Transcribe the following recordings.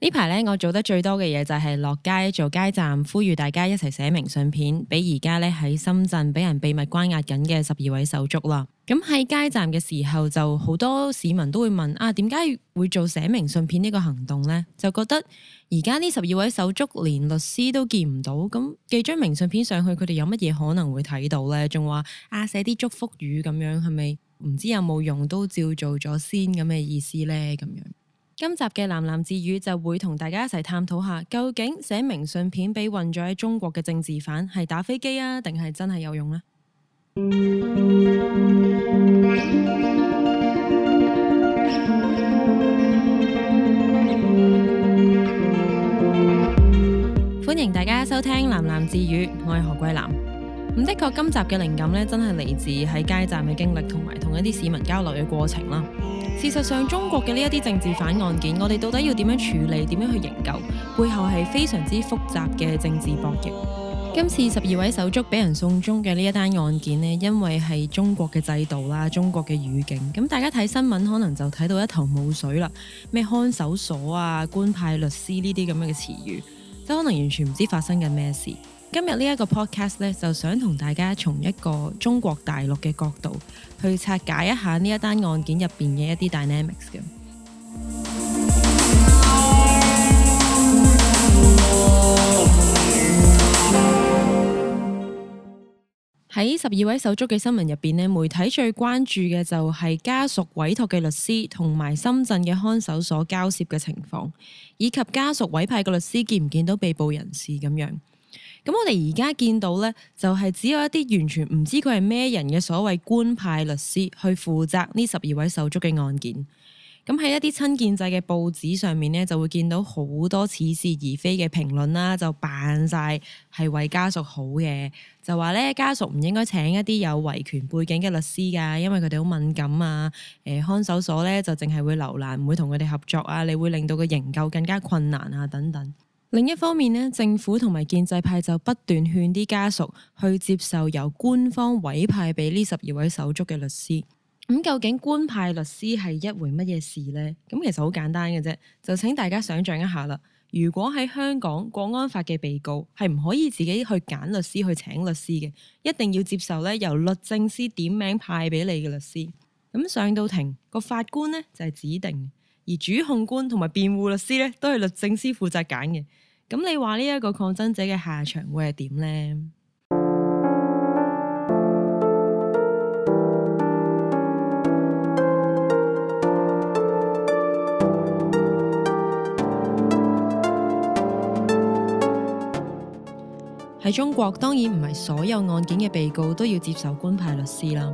呢排咧，我做得最多嘅嘢就係落街做街站，呼籲大家一齊寫明信片，俾而家咧喺深圳俾人秘密關押緊嘅十二位手足啦。咁喺街站嘅時候，就好多市民都會問啊，點解會做寫明信片呢個行動呢？就覺得而家呢十二位手足連律師都見唔到，咁寄張明信片上去，佢哋有乜嘢可能會睇到呢？仲話啊，寫啲祝福語咁樣，係咪唔知有冇用，都照做咗先咁嘅意思咧？咁樣。今集嘅喃喃自語就會同大家一齊探討下，究竟寫明信片俾困咗喺中國嘅政治犯係打飛機啊，定係真係有用呢？ 歡迎大家收聽喃喃自語，我係何桂蘭。唔的確，今集嘅靈感咧，真係嚟自喺街站嘅經歷，同埋同一啲市民交流嘅過程啦。事實上，中國嘅呢一啲政治犯案件，我哋到底要點樣處理？點樣去營救？背後係非常之複雜嘅政治博弈。 今次十二位手足俾人送中嘅呢一單案件呢，因為係中國嘅制度啦，中國嘅語境，咁大家睇新聞可能就睇到一頭霧水啦，咩看守所啊、官派律師呢啲咁樣嘅詞語，即可能完全唔知發生緊咩事。今日呢一個 podcast 咧，就想同大家從一個中國大陸嘅角度去拆解一下呢一單案件入邊嘅一啲 dynamics 嘅。喺十二位手足嘅新聞入邊咧，媒體最關注嘅就係家屬委託嘅律師同埋深圳嘅看守所交涉嘅情況，以及家屬委派嘅律師見唔見到被捕人士咁樣。咁我哋而家見到咧，就係、是、只有一啲完全唔知佢係咩人嘅所謂官派律師去負責呢十二位手足嘅案件。咁喺一啲親建制嘅報紙上面咧，就會見到好多似是而非嘅評論啦，就扮晒係為家屬好嘅，就話咧家屬唔應該請一啲有維權背景嘅律師噶，因為佢哋好敏感啊。誒、呃、看守所咧就淨係會留難，唔會同佢哋合作啊，你會令到個營救更加困難啊，等等。另一方面咧，政府同埋建制派就不斷勸啲家屬去接受由官方委派俾呢十二位手足嘅律師。咁、嗯、究竟官派律師係一回乜嘢事呢？咁、嗯、其實好簡單嘅啫，就請大家想象一下啦。如果喺香港國安法嘅被告係唔可以自己去揀律師去請律師嘅，一定要接受咧由律政司點名派俾你嘅律師。咁、嗯、上到庭個法官咧就係、是、指定。而主控官同埋辯護律師咧，都係律政司負責揀嘅。咁你話呢一個抗爭者嘅下場會係點呢？喺 中國，當然唔係所有案件嘅被告都要接受官派律師啦。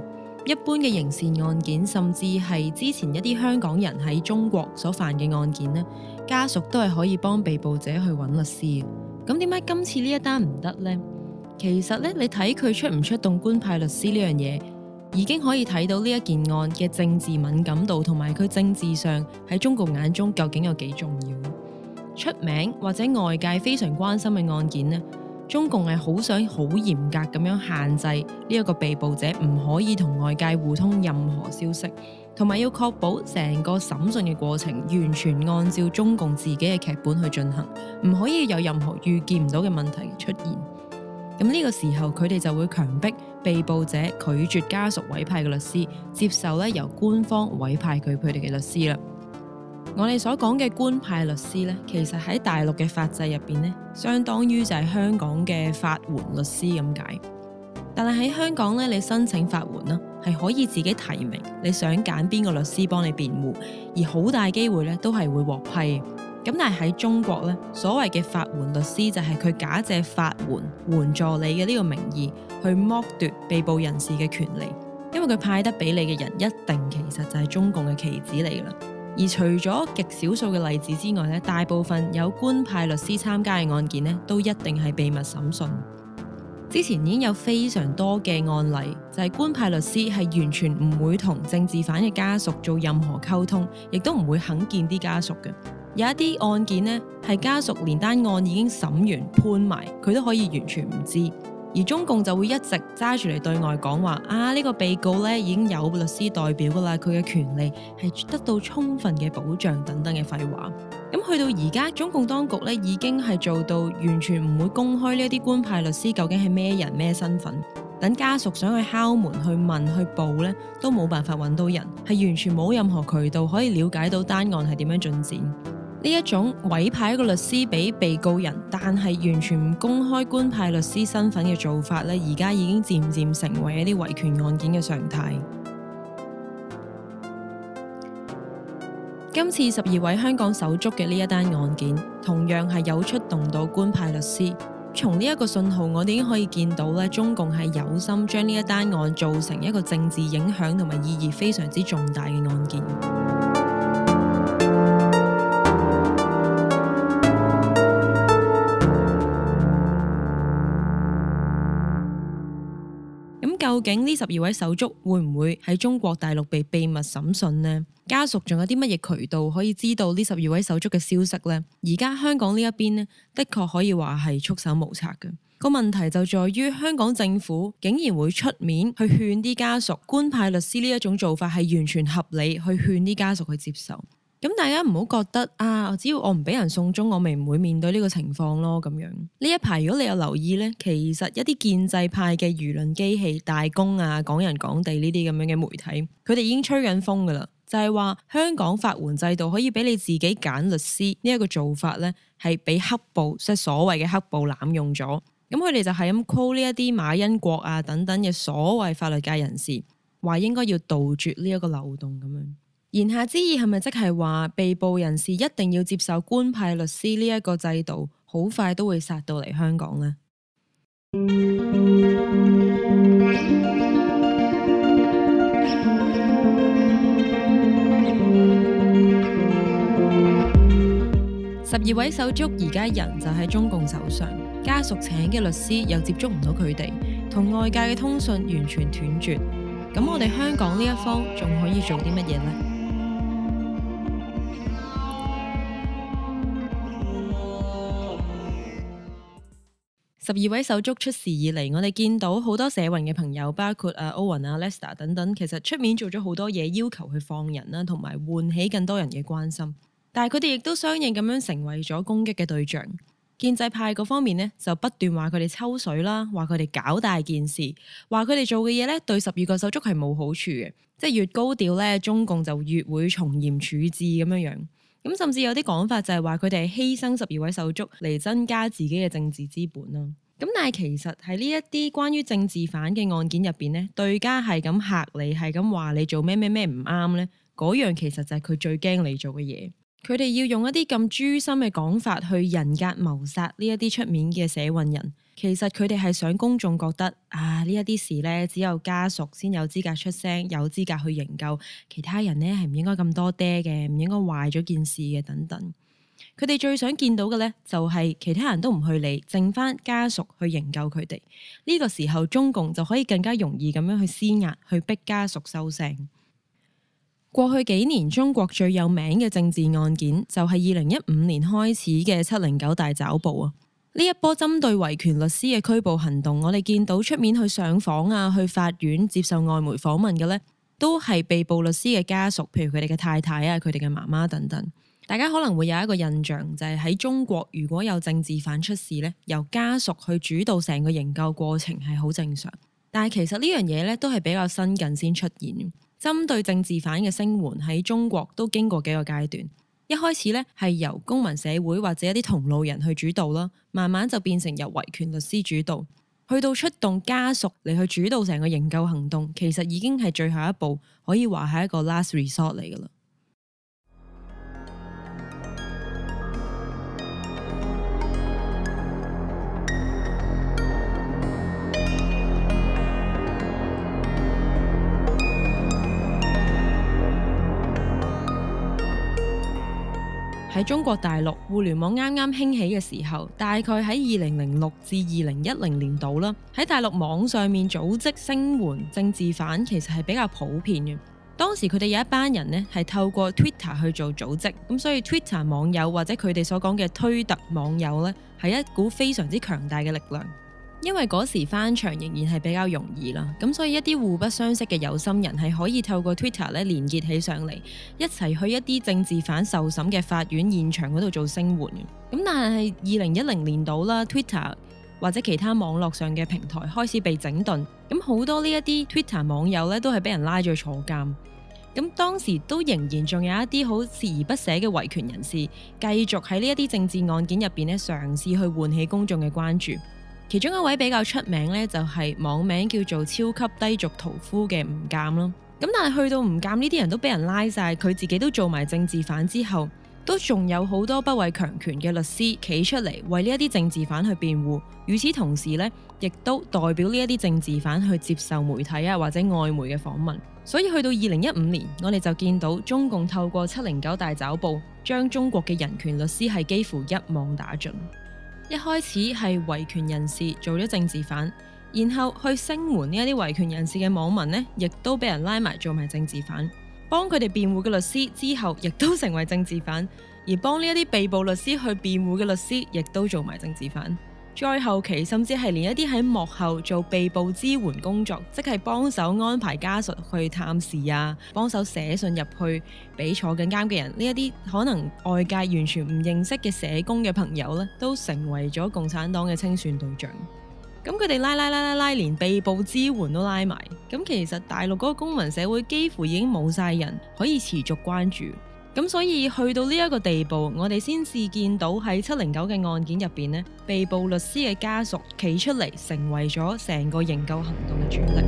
一般嘅刑事案件，甚至係之前一啲香港人喺中國所犯嘅案件咧，家屬都係可以幫被捕者去揾律師嘅。咁點解今次呢一單唔得呢？其實咧，你睇佢出唔出動官派律師呢樣嘢，已經可以睇到呢一件案嘅政治敏感度同埋佢政治上喺中共眼中究竟有幾重要。出名或者外界非常關心嘅案件呢，中共係好想好嚴格咁樣限制呢個被捕者唔可以同外界互通任何消息，同埋要確保成個審訊嘅過程完全按照中共自己嘅劇本去進行，唔可以有任何預見唔到嘅問題的出現。咁呢個時候，佢哋就會強迫被捕者拒絕家屬委派嘅律師，接受由官方委派佢佢哋嘅律師啦。我哋所講嘅官派律師咧，其實喺大陸嘅法制入邊咧，相當於就係香港嘅法援律師咁解。但係喺香港咧，你申請法援啦，係可以自己提名，你想揀邊個律師幫你辯護，而好大機會咧都係會獲批。咁但係喺中國咧，所謂嘅法援律師就係佢假借法援援助你嘅呢個名義去剝奪被捕人士嘅權利，因為佢派得俾你嘅人一定其實就係中共嘅棋子嚟嘅啦。而除咗極少數嘅例子之外咧，大部分有官派律師參加嘅案件咧，都一定係秘密審訊。之前已經有非常多嘅案例，就係官派律師係完全唔會同政治犯嘅家屬做任何溝通，亦都唔會肯見啲家屬嘅。有一啲案件呢係家屬連單案已經審完判埋，佢都可以完全唔知。而中共就會一直揸住嚟對外講話，啊呢個被告呢已經有律師代表㗎啦，佢嘅權利係得到充分嘅保障等等嘅廢話。咁、嗯、去到而家，中共當局呢已經係做到完全唔會公開呢一啲官派律師究竟係咩人、咩身份，等家屬想去敲門去問去報呢，都冇辦法揾到人，係完全冇任何渠道可以了解到單案係點樣進展。呢一種委派一個律師俾被告人，但係完全唔公開官派律師身份嘅做法咧，而家已經漸漸成為一啲維權案件嘅常態。 今次十二位香港手足嘅呢一單案件，同樣係有出動到官派律師。從呢一個信號，我哋已經可以見到咧，中共係有心將呢一單案做成一個政治影響同埋意義非常之重大嘅案件。究竟呢十二位手足會唔會喺中國大陸被秘密審訊呢？家屬仲有啲乜嘢渠道可以知道呢十二位手足嘅消息呢？而家香港呢一邊呢，的確可以話，係束手無策嘅。個問題就在於香港政府竟然會出面去勸啲家屬官派律師呢一種做法，係完全合理，去勸啲家屬去接受。咁大家唔好覺得啊，只要我唔俾人送中，我咪唔會面對呢個情況咯。咁樣呢一排如果你有留意咧，其實一啲建制派嘅輿論機器、大公啊、港人港地呢啲咁樣嘅媒體，佢哋已經吹緊風噶啦，就係話香港法援制度可以俾你自己揀律師呢一個做法咧，係俾黑暴，即係所謂嘅黑暴濫用咗。咁佢哋就係咁 call 呢一啲馬恩國啊等等嘅所謂法律界人士，話應該要杜絕呢一個漏洞咁樣。言下之意係咪即係話被捕人士一定要接受官派律師呢一個制度，好快都會殺到嚟香港呢？十二位手足而家人就喺中共手上，家屬請嘅律師又接觸唔到佢哋，同外界嘅通訊完全斷絕。咁我哋香港呢一方仲可以做啲乜嘢呢？十二位手足出事以嚟，我哋見到好多社運嘅朋友，包括阿 Owen 啊、Lester 等等，其實出面做咗好多嘢，要求去放人啦，同埋喚起更多人嘅關心。但係佢哋亦都相應咁樣成為咗攻擊嘅對象。建制派嗰方面呢，就不斷話佢哋抽水啦，話佢哋搞大件事，話佢哋做嘅嘢咧對十二個手足係冇好處嘅，即係越高調咧，中共就越會從嚴處置咁樣樣。咁甚至有啲講法就係話佢哋犧牲十二位手足嚟增加自己嘅政治資本咯。咁但係其實喺呢一啲關於政治犯嘅案件入面，咧，對家係咁嚇你，係咁話你做咩咩咩唔啱咧，嗰樣其實就係佢最驚你做嘅嘢。佢哋要用一啲咁誅心嘅講法去人格謀殺呢一啲出面嘅社運人。其實佢哋係想公眾覺得啊，呢一啲事咧，只有家屬先有資格出聲，有資格去營救其他人咧，係唔應該咁多爹嘅，唔應該壞咗件事嘅等等。佢哋最想見到嘅咧，就係、是、其他人都唔去理，剩翻家屬去營救佢哋。呢、這個時候中共就可以更加容易咁樣去施壓，去逼家屬收聲。過去幾年中國最有名嘅政治案件，就係二零一五年開始嘅七零九大抓捕啊。呢一波針對維權律師嘅拘捕行動，我哋見到出面去上訪啊，去法院接受外媒訪問嘅呢，都係被捕律師嘅家屬，譬如佢哋嘅太太啊，佢哋嘅媽媽等等。大家可能會有一個印象，就係喺中國如果有政治犯出事呢，由家屬去主導成個營救過程係好正常。但係其實呢樣嘢咧都係比較新近先出現，針對政治犯嘅聲援喺中國都經過幾個階段。一開始咧，係由公民社會或者一啲同路人去主導啦，慢慢就變成由維權律師主導，去到出動家屬嚟去主導成個營救行動，其實已經係最後一步，可以話係一個 last resort 嚟㗎啦。喺中國大陸互聯網啱啱興起嘅時候，大概喺二零零六至二零一零年度啦，喺大陸網上面組織聲援政治犯其實係比較普遍嘅。當時佢哋有一班人呢，係透過 Twitter 去做組織，咁所以 Twitter 網友或者佢哋所講嘅推特網友呢，係一股非常之強大嘅力量。因為嗰時翻牆仍然係比較容易啦，咁所以一啲互不相識嘅有心人係可以透過 Twitter 咧連結起上嚟，一齊去一啲政治犯受審嘅法院現場嗰度做聲援。咁但係二零一零年度啦，Twitter 或者其他網絡上嘅平台開始被整頓，咁好多呢一啲 Twitter 網友咧都係俾人拉咗坐監。咁當時都仍然仲有一啲好鍥而不捨嘅維權人士繼續喺呢一啲政治案件入邊咧嘗試去喚起公眾嘅關注。其中一位比較出名咧，就係網名叫做「超級低俗屠夫」嘅吳鑑咯。咁但係去到吳鑑呢啲人都俾人拉晒，佢自己都做埋政治犯之後，都仲有好多不畏強權嘅律師企出嚟為呢一啲政治犯去辯護。與此同時呢，亦都代表呢一啲政治犯去接受媒體啊或者外媒嘅訪問。所以去到二零一五年，我哋就見到中共透過七零九大抓捕，將中國嘅人權律師係幾乎一網打盡。一開始係維權人士做咗政治犯，然後去聲援呢一啲維權人士嘅網民呢，亦都俾人拉埋做埋政治犯。幫佢哋辯護嘅律師之後，亦都成為政治犯，而幫呢一啲被捕律師去辯護嘅律師，亦都做埋政治犯。再後期，甚至係連一啲喺幕後做被捕支援工作，即係幫手安排家屬去探視啊，幫手寫信入去俾坐緊監嘅人，呢一啲可能外界完全唔認識嘅社工嘅朋友咧，都成為咗共產黨嘅清算對象。咁佢哋拉拉拉拉拉，連被捕支援都拉埋。咁其實大陸嗰個公民社會幾乎已經冇晒人可以持續關注。咁所以去到呢一個地步，我哋先至見到喺七零九嘅案件入邊咧，被捕律師嘅家屬企出嚟，成為咗成個營救行動嘅主力。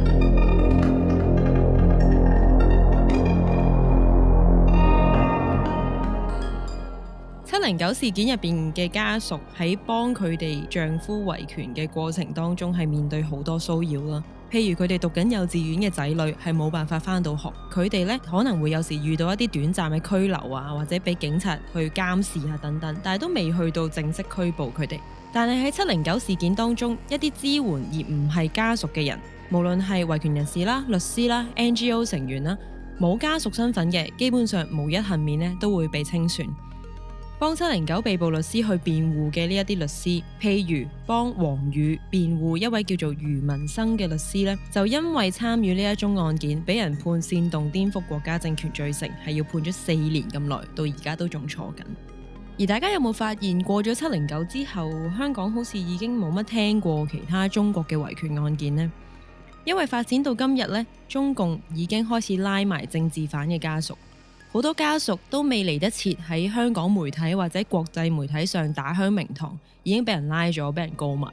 七零九事件入邊嘅家屬喺幫佢哋丈夫維權嘅過程當中，係面對好多騷擾啦。譬如佢哋讀緊幼稚園嘅仔女係冇辦法返到學，佢哋呢可能會有時遇到一啲短暫嘅拘留啊，或者俾警察去監視啊等等，但係都未去到正式拘捕佢哋。但係喺七零九事件當中，一啲支援而唔係家屬嘅人，無論係維權人士啦、律師啦、NGO 成員啦，冇家屬身份嘅，基本上無一幸免呢，都會被清算。幫七零九被捕律師去辯護嘅呢一啲律師，譬如幫王宇辯護一位叫做余文生嘅律師呢，就因為參與呢一宗案件，俾人判煽動顛覆國家政權罪成，係要判咗四年咁耐，到而家都仲坐緊。而大家有冇發現，過咗七零九之後，香港好似已經冇乜聽過其他中國嘅維權案件呢？因為發展到今日呢，中共已經開始拉埋政治犯嘅家屬。好多家屬都未嚟得切喺香港媒體或者國際媒體上打響名堂，已經俾人拉咗，俾人告埋。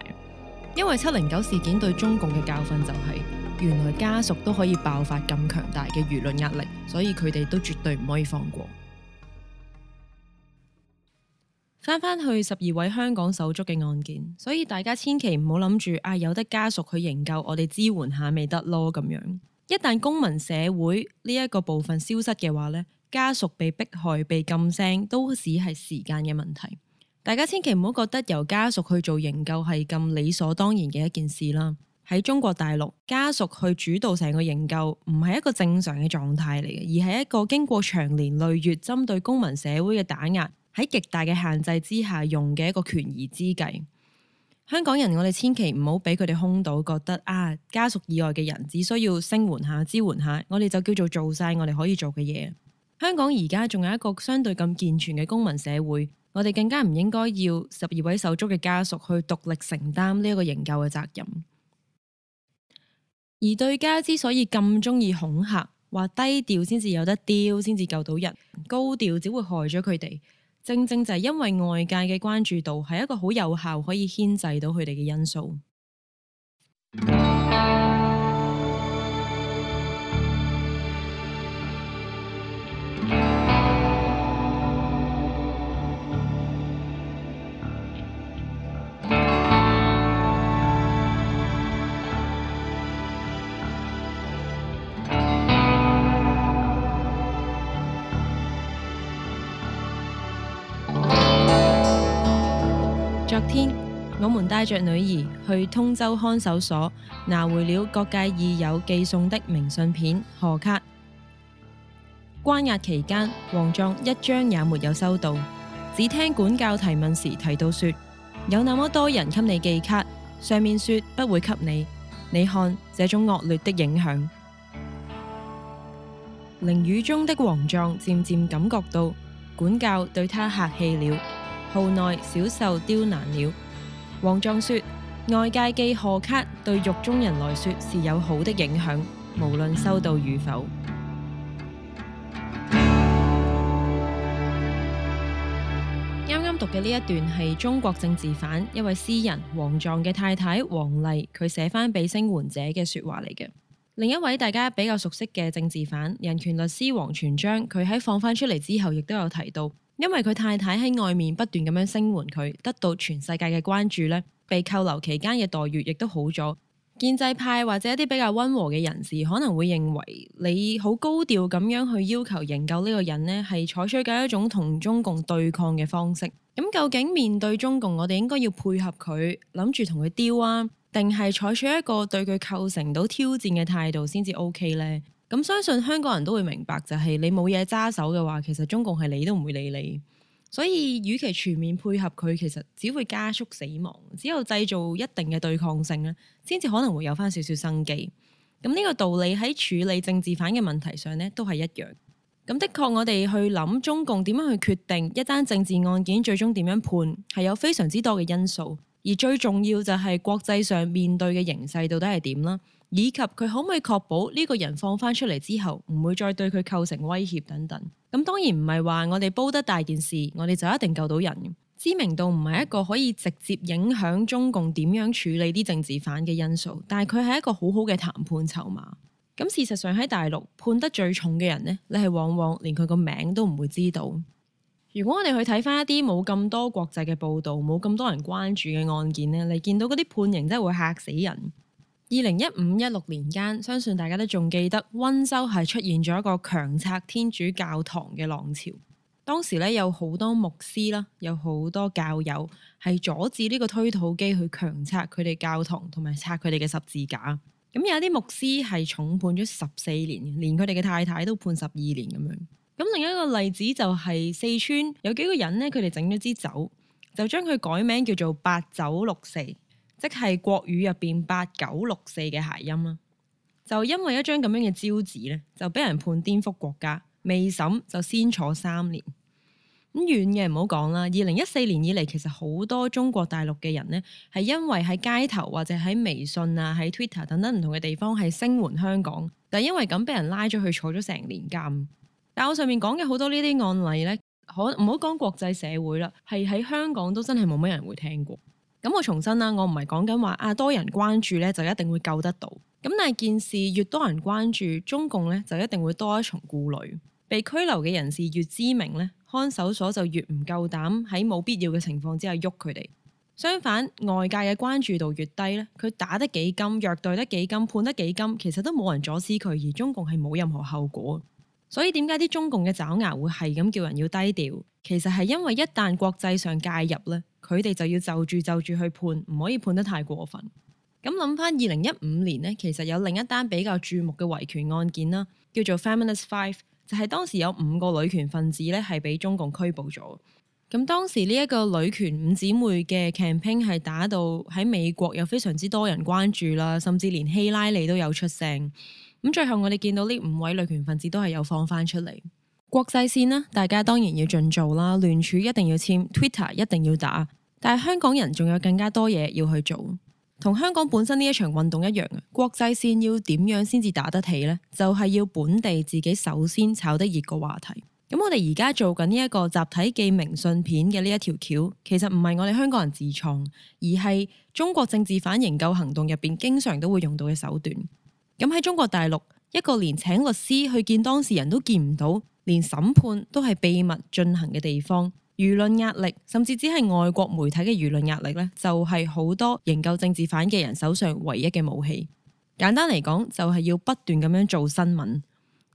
因為七零九事件對中共嘅教訓就係，原來家屬都可以爆發咁強大嘅輿論壓力，所以佢哋都絕對唔可以放過。翻翻去十二位香港手足嘅案件，所以大家千祈唔好諗住啊，有得家屬去營救，我哋支援下咪得咯咁樣。一旦公民社會呢一個部分消失嘅話呢，家屬被迫害、被禁聲，都只係時間嘅問題。大家千祈唔好覺得由家屬去做營救係咁理所當然嘅一件事啦。喺中國大陸，家屬去主導成個營救，唔係一個正常嘅狀態嚟嘅，而係一個經過長年累月針對公民社會嘅打壓，喺極大嘅限制之下用嘅一個權宜之計。香港人，我哋千祈唔好俾佢哋哄到，覺得啊，家屬以外嘅人只需要聲援下、支援下，我哋就叫做做晒我哋可以做嘅嘢。香港而家仲有一個相對咁健全嘅公民社會，我哋更加唔應該要十二位手足嘅家屬去獨立承擔呢一個營救嘅責任。而對家之所以咁鍾意恐嚇，話低調先至有得丟，先至救到人，高調只會害咗佢哋。正正就係因為外界嘅關注度係一個好有效可以牽制到佢哋嘅因素。 昨天，我們帶着女兒去通州看守所，拿回了各界義友寄送的明信片賀卡。關押期間，王壯一張也沒有收到，只聽管教提問時提到說，有那麼多人給你寄卡，上面說不會給你，你看這種惡劣的影響。囹圄中的王壯漸漸感覺到，管教對他客氣了。號內少受刁難了。王藏說：外界寄賀卡對獄中人來說是有好的影響，無論收到與否。啱啱讀嘅呢一段係中國政治犯一位詩人王藏嘅太太王麗佢寫返俾聲援者嘅說話嚟嘅。另一位大家比較熟悉嘅政治犯人權律師王全璋，佢喺放返出嚟之後亦都有提到。因為佢太太喺外面不斷咁樣聲援佢，得到全世界嘅關注咧，被扣留期間嘅待遇亦都好咗。建制派或者一啲比較溫和嘅人士可能會認為，你好高調咁樣去要求營救呢個人咧，係採取緊一種同中共對抗嘅方式。咁、嗯、究竟面對中共，我哋應該要配合佢，諗住同佢丟啊，定係採取一個對佢構成到挑戰嘅態度先至 OK 咧？咁相信香港人都會明白，就係你冇嘢揸手嘅話，其實中共係理都唔會理你。所以，與其全面配合佢，其實只會加速死亡。只有製造一定嘅對抗性咧，先至可能會有翻少少生機。咁、嗯、呢、呢個道理喺處理政治犯嘅問題上呢都係一樣。咁、嗯、的確，我哋去諗中共點樣去決定一單政治案件最終點樣判，係有非常之多嘅因素，而最重要就係國際上面對嘅形勢到底係點啦。以及佢可唔可以確保呢個人放翻出嚟之後唔會再對佢構成威脅等等？咁當然唔係話我哋煲得大件事，我哋就一定救到人。知名度唔係一個可以直接影響中共點樣處理啲政治犯嘅因素，但係佢係一個好好嘅談判籌碼。咁事實上喺大陸判得最重嘅人呢，你係往往連佢個名都唔會知道。如果我哋去睇翻一啲冇咁多國際嘅報導，冇咁多人關注嘅案件呢，你見到嗰啲判刑真係會嚇死人。二零一五、一六年間，相信大家都仲記得，溫州係出現咗一個強拆天主教堂嘅浪潮。當時咧有好多牧師啦，有好多教友係阻止呢個推土機去強拆佢哋教堂同埋拆佢哋嘅十字架。咁、嗯、有啲牧師係重判咗十四年，連佢哋嘅太太都判十二年咁樣。咁、嗯、另一個例子就係、是、四川有幾個人呢，佢哋整咗支酒，就將佢改名叫做八九六四。即係國語入邊八九六四嘅諧音啦，就因為一張咁樣嘅招紙咧，就俾人判顛覆國家，未審就先坐三年。咁遠嘅唔好講啦，二零一四年以嚟，其實好多中國大陸嘅人呢，係因為喺街頭或者喺微信啊、喺 Twitter 等等唔同嘅地方係聲援香港，但係因為咁俾人拉咗去坐咗成年監。但我上面講嘅好多呢啲案例咧，可唔好講國際社會啦，係喺香港都真係冇乜人會聽過。咁我重申啦，啊，我唔係講緊話多人關注咧就一定會救得到。咁但係件事越多人關注，中共咧就一定會多一重顧慮。被拘留嘅人士越知名咧，看守所就越唔夠膽喺冇必要嘅情況之下喐佢哋。相反，外界嘅關注度越低咧，佢打得幾甘，虐待得幾甘，判得幾甘，其實都冇人阻止佢。而中共係冇任何後果。所以點解啲中共嘅爪牙會係咁叫人要低調？其實係因為一旦國際上介入咧，佢哋就要就住就住去判，唔可以判得太過分。咁諗翻二零一五年呢，其實有另一單比較注目嘅維權案件啦，叫做 Feminist Five，就係當時有五個女權分子咧係畀中共拘捕咗。咁當時呢一個女權五姊妹嘅 campaign 係打到喺美國有非常之多人關注啦，甚至連希拉里都有出聲。咁最後我哋見到呢五位女權分子都係有放翻出嚟。國際線啦，大家當然要盡做啦。聯署一定要簽，Twitter 一定要打，但係香港人仲有更加多嘢，要去做。同香港本身呢一場運動一樣嘅國際線要點樣先至打得起呢？就係、是、要本地自己首先炒得熱個話題。咁、嗯、我哋而家做緊呢一個集體寄明信片嘅呢一條橋，其實唔係我哋香港人自創，而係中國政治犯營救行動入面經常都會用到嘅手段。咁、嗯、喺中國大陸，一個連請律師去見當事人都見唔到，連審判都係秘密進行嘅地方，輿論壓力，甚至只係外國媒體嘅輿論壓力咧，就係、是，好多營救政治犯嘅人手上唯一嘅武器。簡單嚟講，就係、是，要不斷咁樣做新聞。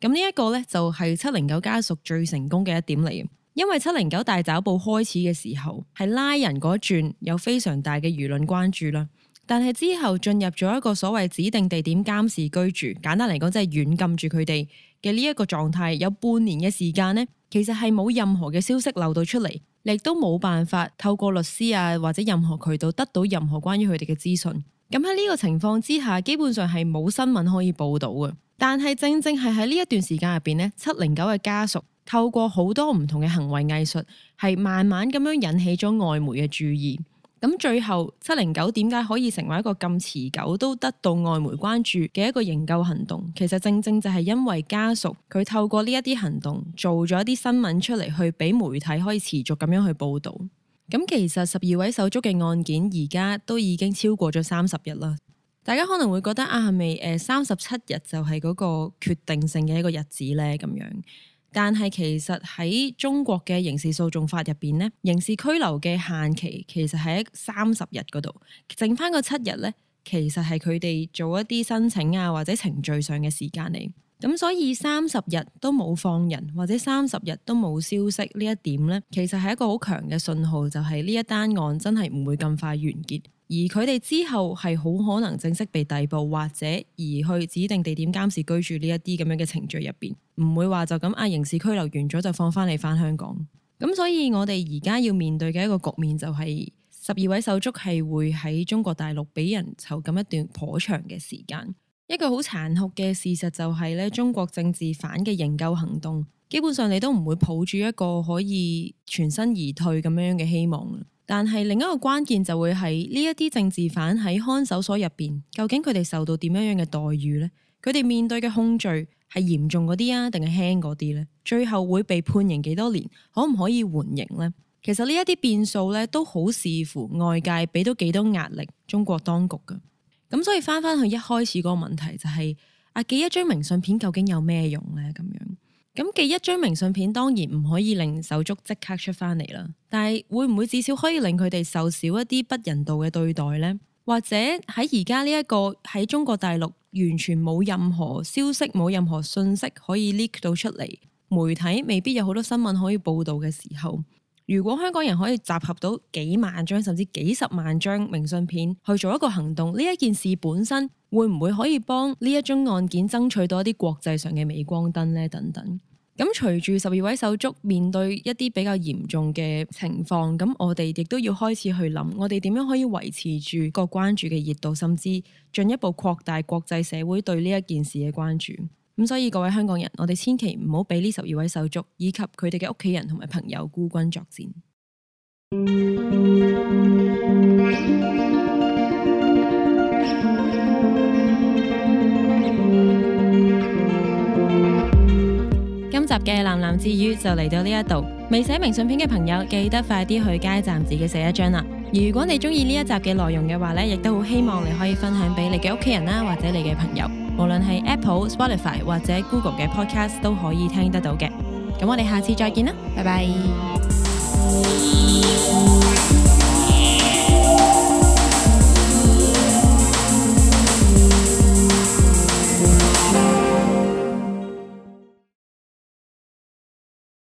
咁呢一個咧，就係七零九家屬最成功嘅一點嚟。因為七零九大抓捕開始嘅時候，係拉人嗰一轉，有非常大嘅輿論關注啦。但係之後進入咗一個所謂指定地點監視居住，簡單嚟講，即係軟禁住佢哋嘅呢一個狀態，有半年嘅時間呢，其實係冇任何嘅消息流到出嚟，亦都冇辦法透過律師啊或者任何渠道得到任何關於佢哋嘅資訊。咁喺呢個情況之下，基本上係冇新聞可以報導嘅。但係正正係喺呢一段時間入邊呢，七零九嘅家屬透過好多唔同嘅行為藝術，係慢慢咁樣引起咗外媒嘅注意。咁最後七零九點解可以成為一個咁持久都得到外媒關注嘅一個營救行動？其實正正就係因為家屬佢透過呢一啲行動做咗一啲新聞出嚟，去俾媒體可以持續咁樣去報導。咁其實十二位手足嘅案件而家都已經超過咗三十日啦。大家可能會覺得啊，係咪誒三十七日就係嗰個決定性嘅一個日子呢？咁樣。但係其實喺中國嘅刑事訴訟法入邊咧，刑事拘留嘅限期其實係喺三十日嗰度，剩翻個七日咧，其實係佢哋做一啲申請啊或者程序上嘅時間嚟。咁所以三十日都冇放人或者三十日都冇消息呢一點咧，其實係一個好強嘅信號，就係呢一單案真係唔會咁快完結。而佢哋之後係好可能正式被逮捕，或者移去指定地點監視居住呢一啲咁樣嘅程序入邊，唔會話就咁啊刑事拘留完咗就放返你返香港。咁所以我哋而家要面對嘅一個局面就係十二位手足係會喺中國大陸俾人囚禁一段頗長嘅時間。一個好殘酷嘅事實就係呢，中國政治犯嘅營救行動，基本上你都唔會抱住一個可以全身而退咁樣嘅希望。但係另一個關鍵就會係呢一啲政治犯喺看守所入邊，究竟佢哋受到點樣樣嘅待遇呢？佢哋面對嘅控罪係嚴重嗰啲啊，定係輕嗰啲呢？最後會被判刑幾多年？可唔可以緩刑呢？其實呢一啲變數咧，都好視乎外界俾到幾多壓力中國當局噶。咁所以翻翻去一開始嗰個問題就係、是、阿、啊、寄一張明信片究竟有咩用咧？咁樣。咁寄一張明信片，當然唔可以令手足即刻出翻嚟啦。但係會唔會至少可以令佢哋受少一啲不人道嘅對待呢？或者喺而家呢一個喺中國大陸完全冇任何消息、冇任何信息可以 leak 到出嚟，媒體未必有好多新聞可以報道嘅時候，如果香港人可以集合到幾萬張甚至幾十萬張明信片去做一個行動，呢件事本身會唔會可以幫呢一宗案件爭取到一啲國際上嘅鎂光燈呢？等等。咁隨住十二位手足面對一啲比較嚴重嘅情況，咁我哋亦都要開始去諗，我哋點樣可以維持住個關注嘅熱度，甚至進一步擴大國際社會對呢一件事嘅關注。咁所以各位香港人，我哋千祈唔好畀呢十二位手足以及佢哋嘅屋企人同埋朋友孤軍作戰。 一集嘅喃喃自語就嚟到呢一度，未寫明信片嘅朋友記得快啲去街站自己寫一張啦。而如果你中意呢一集嘅內容嘅話呢，亦都好希望你可以分享俾你嘅屋企人啦，或者你嘅朋友。無論係 Apple、Spotify 或者 Google 嘅 Podcast 都可以聽得到嘅。咁我哋下次再見啦，拜拜。